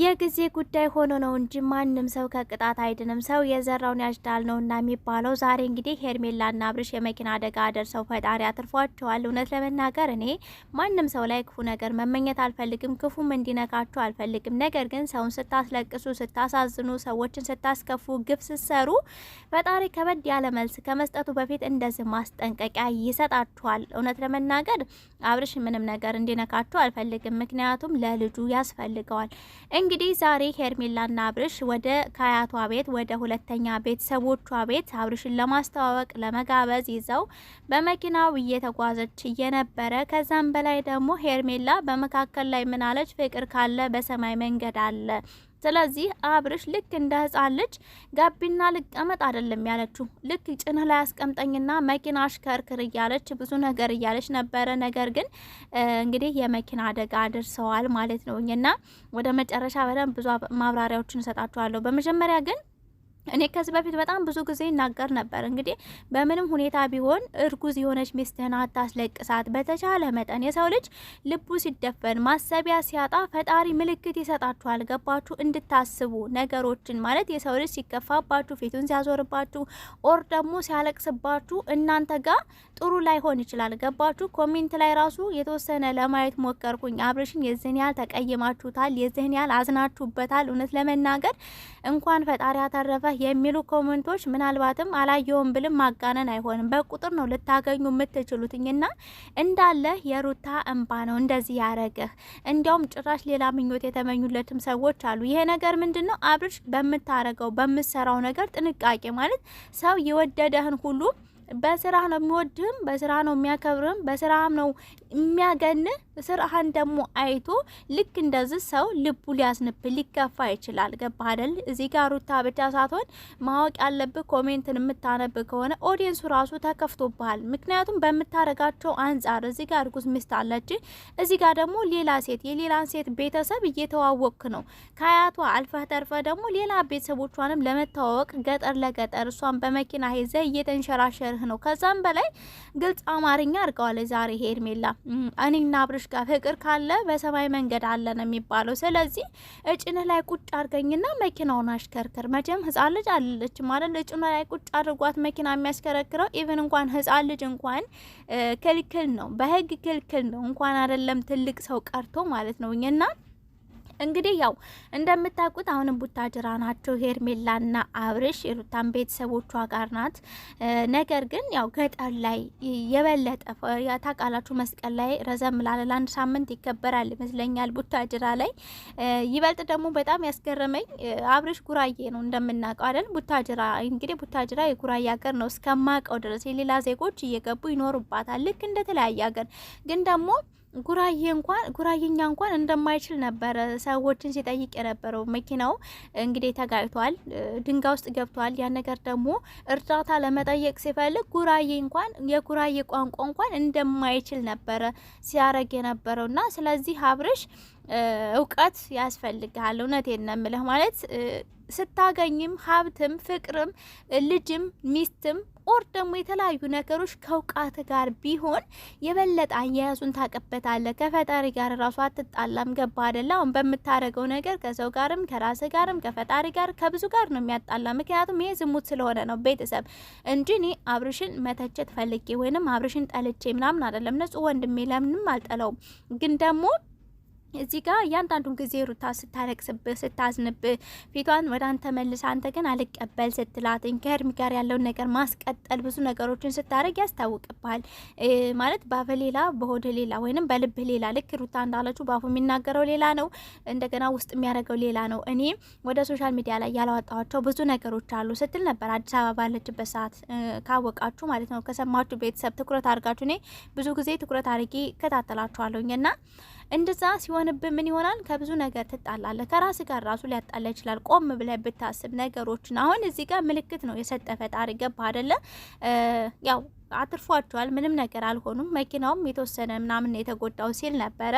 የጊዜ ጉዳይ ሆኖ ነው እንጂ ማንም ሰው ከቅጣት አይድንም። ሰው የዘራውን ያጭዳል ነው እና የሚባለው። ዛሬ እንግዲህ ሄርሜላና አብርሽ የመኪና አደጋ ደርሰው ፈጣሪ አትርፏቸዋል። እውነት ለመናገር እኔ ማንም ሰው ላይ ክፉ ነገር መመኘት አልፈልግም፣ ክፉም እንዲነካችሁ አልፈልግም። ነገር ግን ሰውን ስታስለቅሱ፣ ስታሳዝኑ፣ ሰዎችን ስታስከፉ፣ ግፍ ስትሰሩ ፈጣሪ ከበድ ያለ መልስ ከመስጠቱ በፊት እንደዚህ ማስጠንቀቂያ ይሰጣችኋል። እውነት ለመናገር አብርሽ ምንም ነገር እንዲነካችሁ አልፈልግም፣ ምክንያቱም ለልጁ ያስፈልገዋል። እንግዲህ ዛሬ ሄርሜላና አብርሽ ወደ ከአያቷ ቤት ወደ ሁለተኛ ቤተሰቦቿ ቤት አብርሽን ለማስተዋወቅ ለመጋበዝ ይዘው በመኪናው እየተጓዘች እየነበረ ከዛም በላይ ደግሞ ሄርሜላ በመካከል ላይ ምናለች፣ ፍቅር ካለ በሰማይ መንገድ አለ ስለዚህ አብርሽ ልክ እንደ ህፃን ልጅ ጋቢና ልቀመጥ አይደለም ያለችው። ልክ ጭንህ ላይ አስቀምጠኝና መኪና አሽከርክር እያለች ብዙ ነገር እያለች ነበረ። ነገር ግን እንግዲህ የመኪና አደጋ አድርሰዋል ማለት ነው እና ወደ መጨረሻ በደንብ ብዙ ማብራሪያዎችን እሰጣችኋለሁ። በመጀመሪያ ግን እኔ ከዚህ በፊት በጣም ብዙ ጊዜ ይናገር ነበር። እንግዲህ በምንም ሁኔታ ቢሆን እርጉዝ የሆነች ሚስትህን አታስለቅሳት። በተቻለ መጠን የሰው ልጅ ልቡ ሲደፈን ማሰቢያ ሲያጣ ፈጣሪ ምልክት ይሰጣችኋል። ገባችሁ? እንድታስቡ ነገሮችን ማለት የሰው ልጅ ሲከፋባችሁ፣ ፊቱን ሲያዞርባችሁ፣ ኦር ደግሞ ሲያለቅስባችሁ እናንተ ጋር ጥሩ ላይሆን ይችላል። ገባችሁ? ኮሜንት ላይ ራሱ የተወሰነ ለማየት ሞከርኩኝ። አብርሽን የዚህን ያህል ተቀይማችሁታል፣ የዝህን ያህል አዝናችሁበታል። እውነት ለመናገር እንኳን ፈጣሪ ያተረፈ የሚሉ ኮመንቶች ምናልባትም አላየውም ብልም ማጋነን አይሆንም። በቁጥር ነው ልታገኙ የምትችሉትኝና እንዳለ የሩታ እንባ ነው እንደዚህ ያረገህ። እንዲያውም ጭራሽ ሌላ ምኞት የተመኙለትም ሰዎች አሉ። ይሄ ነገር ምንድን ነው? አብርሽ በምታረገው በምሰራው ነገር ጥንቃቄ ማለት ሰው የወደደህን ሁሉ በስራ ነው የሚወድህም፣ በስራ ነው የሚያከብርህም፣ በስራም ነው የሚያገን ስራህን ደግሞ አይቶ ልክ እንደዚህ ሰው ልቡ ሊያዝንብ ሊከፋ ይችላል። ገባ አይደል? እዚህ ጋር ሩታ ብቻ ሳትሆን ማወቅ ያለብህ ኮሜንትን የምታነብ ከሆነ ኦዲየንሱ ራሱ ተከፍቶብሃል። ምክንያቱም በምታረጋቸው አንጻር እዚህ ጋር እርጉዝ ሚስት አለች፣ እዚህ ጋር ደግሞ ሌላ ሴት የሌላን ሴት ቤተሰብ እየተዋወቅክ ነው። ከአያቷ አልፈህ ተርፈ ደግሞ ሌላ ቤተሰቦቿንም ለመተዋወቅ ገጠር ለገጠር እሷን በመኪና ይዘህ እየተንሸራሸርህ ነው። ከዛም በላይ ግልጽ አማርኛ አድርገዋለች ዛሬ ሄርሜላ እኔና አብርሽ ጋር ፍቅር ካለ በሰማይ መንገድ አለ ነው የሚባለው። ስለዚህ እጭን ላይ ቁጭ አድርገኝና መኪናውን አሽከርክር። መቼም ህጻን ልጅ አለች ማለት እጭኑ ላይ ቁጭ አድርጓት መኪና የሚያሽከረክረው ኢቨን እንኳን ህጻን ልጅ እንኳን ክልክል ነው፣ በህግ ክልክል ነው። እንኳን አይደለም ትልቅ ሰው ቀርቶ ማለት ነው እና እንግዲህ ያው እንደምታውቁት አሁንም ቡታጅራ ናቸው ሄርሜላና አብርሽ የሩታን ቤተሰቦቿ ጋር ናት። ነገር ግን ያው ገጠር ላይ የበለጠ ታውቃላችሁ፣ መስቀል ላይ ረዘም ላለ ለአንድ ሳምንት ይከበራል ይመስለኛል ቡታጅራ ላይ። ይበልጥ ደግሞ በጣም ያስገረመኝ አብርሽ ጉራዬ ነው እንደምናውቀው አይደል? ቡታጅራ እንግዲህ ቡታጅራ የጉራዬ ሀገር ነው እስከማውቀው ድረስ የሌላ ዜጎች እየገቡ ይኖሩባታል ልክ እንደተለያየ ሀገር ግን ደግሞ ጉራዬ እንኳን ጉራዬኛ እንኳን እንደማይችል ነበረ ሰዎችን ሲጠይቅ የነበረው። መኪናው እንግዲህ ተጋጭቷል፣ ድንጋይ ውስጥ ገብቷል። ያን ነገር ደግሞ እርዳታ ለመጠየቅ ሲፈልግ ጉራዬ እንኳን የጉራዬ ቋንቋ እንኳን እንደማይችል ነበረ ሲያረግ የነበረውና ስለዚህ አብርሽ እውቀት ያስፈልግሃል። እውነቴን ነው የምልህ ማለት ስታገኝም ሀብትም ፍቅርም ልጅም ሚስትም ኦር ደግሞ የተለያዩ ነገሮች ከእውቀት ጋር ቢሆን የበለጠ አያያዙን ታቀበታለህ። ከፈጣሪ ጋር ራሱ አትጣላም። ገባ አደለ? አሁን በምታደርገው ነገር ከሰው ጋርም ከራስ ጋርም ከፈጣሪ ጋር ከብዙ ጋር ነው የሚያጣላ። ምክንያቱም ይሄ ዝሙት ስለሆነ ነው ቤተሰብ እንጂ እኔ አብርሽን መተቸት ፈልጌ ወይንም አብርሽን ጠልቼ ምናምን አደለም። ንጹሕ ወንድሜ ለምንም አልጠለውም ግን ደግሞ እዚህ ጋር እያንዳንዱን ጊዜ ሩታ ስታለቅስብህ ስታዝንብህ ፊቷን ወደ አንተ መልስ አንተ ግን አልቀበል ስትላትኝ ከእድሜ ጋር ያለውን ነገር ማስቀጠል ብዙ ነገሮችን ስታደርግ ያስታውቅብሃል። ማለት ባፈ ሌላ በሆድ ሌላ ወይንም በልብህ ሌላ። ልክ ሩታ እንዳለችው ባፉ የሚናገረው ሌላ ነው፣ እንደገና ውስጥ የሚያደርገው ሌላ ነው። እኔ ወደ ሶሻል ሚዲያ ላይ ያላወጣኋቸው ብዙ ነገሮች አሉ ስትል ነበር አዲስ አበባ ባለችበት ሰዓት። ካወቃችሁ ማለት ነው ከሰማችሁ ቤተሰብ ትኩረት አድርጋችሁ እኔ ብዙ ጊዜ ትኩረት አድርጌ እከታተላችኋለሁኝ እና እንደዛ ሲሆንብህ ምን ይሆናል? ከብዙ ነገር ትጣላለህ። ከራስ ጋር ራሱ ሊያጣላ ይችላል። ቆም ብለህ ብታስብ ነገሮችን። አሁን እዚህ ጋር ምልክት ነው የሰጠ ፈጣሪ። ገባ አይደለ? ያው አትርፏቸዋል። ምንም ነገር አልሆኑም። መኪናውም የተወሰነ ምናምን የተጎዳው ሲል ነበረ።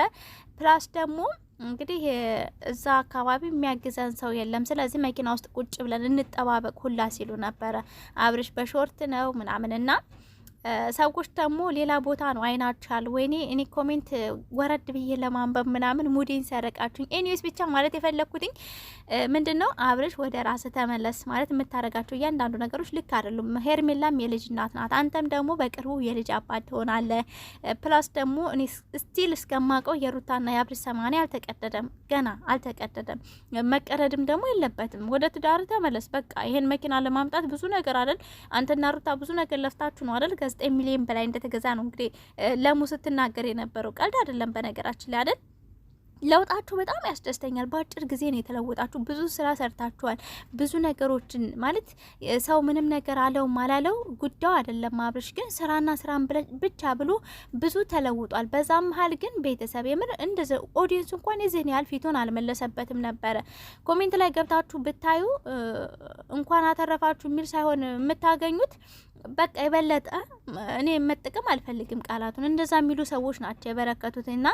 ፕላስ ደግሞ እንግዲህ እዛ አካባቢ የሚያግዘን ሰው የለም። ስለዚህ መኪና ውስጥ ቁጭ ብለን እንጠባበቅ ሁላ ሲሉ ነበረ። አብርሽ በሾርት ነው ምናምንና ሰዎች ደግሞ ሌላ ቦታ ነው አይናችኋል። ወይኔ እኔ ኮሜንት ወረድ ብዬ ለማንበብ ምናምን ሙዴን ሲያረቃችሁኝ። ኤኒዌይስ ብቻ ማለት የፈለግኩትኝ ምንድን ነው አብርሽ ወደ ራስ ተመለስ ማለት የምታደርጋቸው እያንዳንዱ ነገሮች ልክ አይደሉም። ሄርሜላም የልጅ እናት ናት። አንተም ደግሞ በቅርቡ የልጅ አባት ትሆናለህ። ፕላስ ደግሞ እኔ ስቲል እስከማውቀው የሩታና የአብርሽ ሰማኔ አልተቀደደም፣ ገና አልተቀደደም። መቀደድም ደግሞ የለበትም። ወደ ትዳር ተመለስ በቃ። ይሄን መኪና ለማምጣት ብዙ ነገር አይደል አንተና ሩታ ብዙ ነገር ለፍታችሁ ነው አይደል ከ ሚሊዮን በላይ እንደተገዛ ነው እንግዲህ ለሙ ስትናገር የነበረው። ቀልድ አይደለም በነገራችን ላይ አይደል ለውጣችሁ በጣም ያስደስተኛል። በአጭር ጊዜ ነው የተለወጣችሁ። ብዙ ስራ ሰርታችኋል። ብዙ ነገሮችን ማለት ሰው ምንም ነገር አለው አላለው ጉዳዩ አይደለም። አብርሽ ግን ስራና ስራን ብቻ ብሎ ብዙ ተለውጧል። በዛ መሀል ግን ቤተሰብ የምር እንደዚ ኦዲየንስ እንኳን የዚህን ያህል ፊቱን አልመለሰበትም ነበረ። ኮሜንት ላይ ገብታችሁ ብታዩ እንኳን አተረፋችሁ የሚል ሳይሆን የምታገኙት በቃ የበለጠ እኔ መጠቀም አልፈልግም ቃላቱን። እንደዛ የሚሉ ሰዎች ናቸው የበረከቱት። እና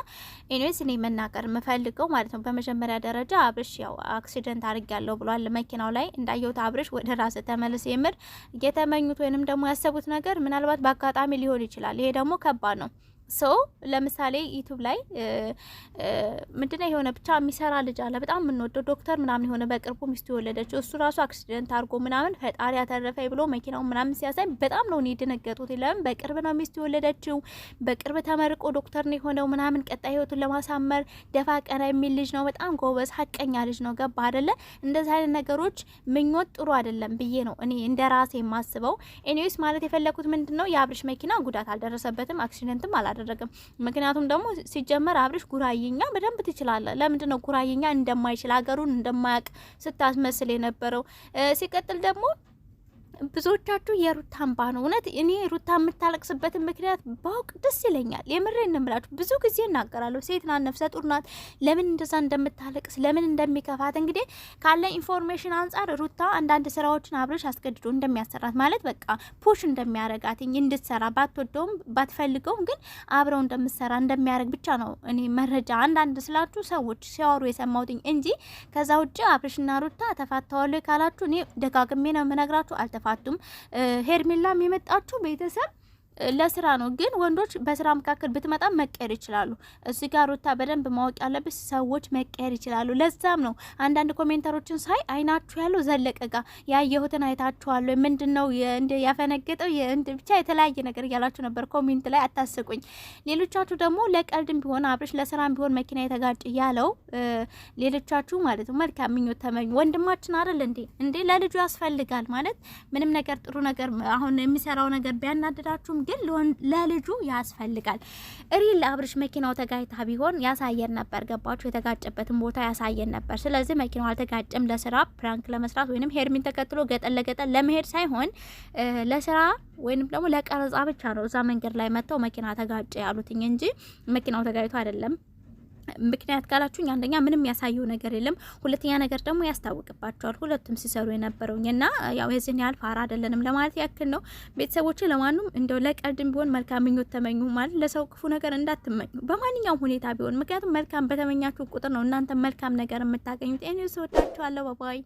ኤኒዌይስ እኔ መናገር የምፈልገው ማለት ነው በመጀመሪያ ደረጃ አብርሽ ያው አክሲደንት አድርጊያለሁ ብሏል መኪናው ላይ እንዳየሁት። አብርሽ ወደ ራስ ተመልስ። የምር የተመኙት ወይንም ደግሞ ያሰቡት ነገር ምናልባት በአጋጣሚ ሊሆን ይችላል። ይሄ ደግሞ ከባድ ነው። ሶ ለምሳሌ ዩቱብ ላይ ምንድነው የሆነ ብቻ የሚሰራ ልጅ አለ፣ በጣም የምንወደው ዶክተር ምናምን የሆነ በቅርቡ ሚስቱ የወለደችው እሱ ራሱ አክሲደንት አድርጎ ምናምን ፈጣሪ ያተረፈ ብሎ መኪናው ምናምን ሲያሳይ በጣም ነው እኔ ለምን በቅርብ ነው ሚስቱ የወለደችው፣ በቅርብ ተመርቆ ዶክተር ነው የሆነው ምናምን፣ ቀጣይ ህይወቱን ለማሳመር ደፋ ቀና የሚል ልጅ ነው። በጣም ጎበዝ ሀቀኛ ልጅ ነው። ገባ አደለ? እንደዚህ አይነት ነገሮች ምኞት ጥሩ አይደለም ብዬ ነው እኔ እንደ ራሴ የማስበው። ኤኒዌይስ ማለት የፈለኩት ምንድን ነው የአብርሽ መኪና ጉዳት አልደረሰበትም፣ አክሲደንትም አላ አላደረግም። ምክንያቱም ደግሞ ሲጀመር አብርሽ ጉራይኛ በደንብ ትችላለ። ለምንድን ነው ጉራይኛ እንደማይችል ሀገሩን እንደማያውቅ ስታስመስል የነበረው? ሲቀጥል ደግሞ ብዙዎቻችሁ የሩታን ነው። እውነት እኔ ሩታ የምታለቅስበትን ምክንያት ባውቅ ደስ ይለኛል። የምሬ እንምላችሁ ብዙ ጊዜ እናገራለሁ። ሴት ናት፣ ነፍሰ ጡር ናት። ለምን እንደዛ እንደምታለቅስ ለምን እንደሚከፋት እንግዲህ ካለ ኢንፎርሜሽን አንጻር ሩታ አንዳንድ ስራዎችን አብረሽ አስገድዶ እንደሚያሰራት ማለት በቃ ፑሽ እንደሚያረጋትኝ እንድትሰራ ባትወደውም ባትፈልገውም ግን አብረው እንደምትሰራ እንደሚያደርግ ብቻ ነው እኔ መረጃ አንዳንድ ስላችሁ ሰዎች ሲያወሩ የሰማሁትኝ እንጂ ከዛ ውጭ አብረሽና ሩታ ተፋተዋሉ ካላችሁ እኔ ደጋግሜ ነው የምነግራችሁ አልተ አልተፋቱም። ሄርሜላም የመጣችው ቤተሰብ ለስራ ነው። ግን ወንዶች በስራ መካከል ብትመጣም መቀየር ይችላሉ። እዚ ጋር ሩታ በደንብ ማወቅ ያለብሽ ሰዎች መቀየር ይችላሉ። ለዛም ነው አንዳንድ ኮሜንተሮችን ሳይ አይናችሁ ያለው ዘለቀ ጋ ያየሁትን አይታችኋሉ። ምንድን ነው ያፈነገጠው? ብቻ የተለያየ ነገር እያላችሁ ነበር ኮሜንት ላይ አታስቁኝ። ሌሎቻችሁ ደግሞ ለቀልድም ቢሆን አብርሽ ለስራም ቢሆን መኪና የተጋጭ ያለው ሌሎቻችሁ ማለት ነው መልካም ምኞት ተመኙ። ወንድማችን አይደል እንዴ? እንዴ ለልጁ ያስፈልጋል ማለት ምንም ነገር ጥሩ ነገር አሁን የሚሰራው ነገር ቢያናድዳችሁም ግን ለልጁ ያስፈልጋል። ሪል ለአብርሽ መኪናው ተጋጭታ ቢሆን ያሳየን ነበር። ገባችሁ? የተጋጨበትን ቦታ ያሳየን ነበር። ስለዚህ መኪናው አልተጋጨም። ለስራ ፕራንክ ለመስራት ወይም ሄርሚን ተከትሎ ገጠን ለገጠን ለመሄድ ሳይሆን ለስራ ወይም ደግሞ ለቀረጻ ብቻ ነው እዛ መንገድ ላይ መጥተው መኪና ተጋጨ ያሉትኝ እንጂ መኪናው ተጋጭቶ አይደለም። ምክንያት ካላችሁኝ አንደኛ ምንም ያሳየው ነገር የለም፣ ሁለተኛ ነገር ደግሞ ያስታውቅባቸዋል። ሁለቱም ሲሰሩ የነበረውኝ እና ያው የዚህን ያህል ፋራ አይደለንም ለማለት ያክል ነው። ቤተሰቦች ለማንም እንደው ለቀልድም ቢሆን መልካም ምኞት ተመኙ ማለት ለሰው ክፉ ነገር እንዳትመኙ በማንኛውም ሁኔታ ቢሆን፣ ምክንያቱም መልካም በተመኛችሁ ቁጥር ነው እናንተ መልካም ነገር የምታገኙት። ኔ ስወዳችኋለሁ። ባባይ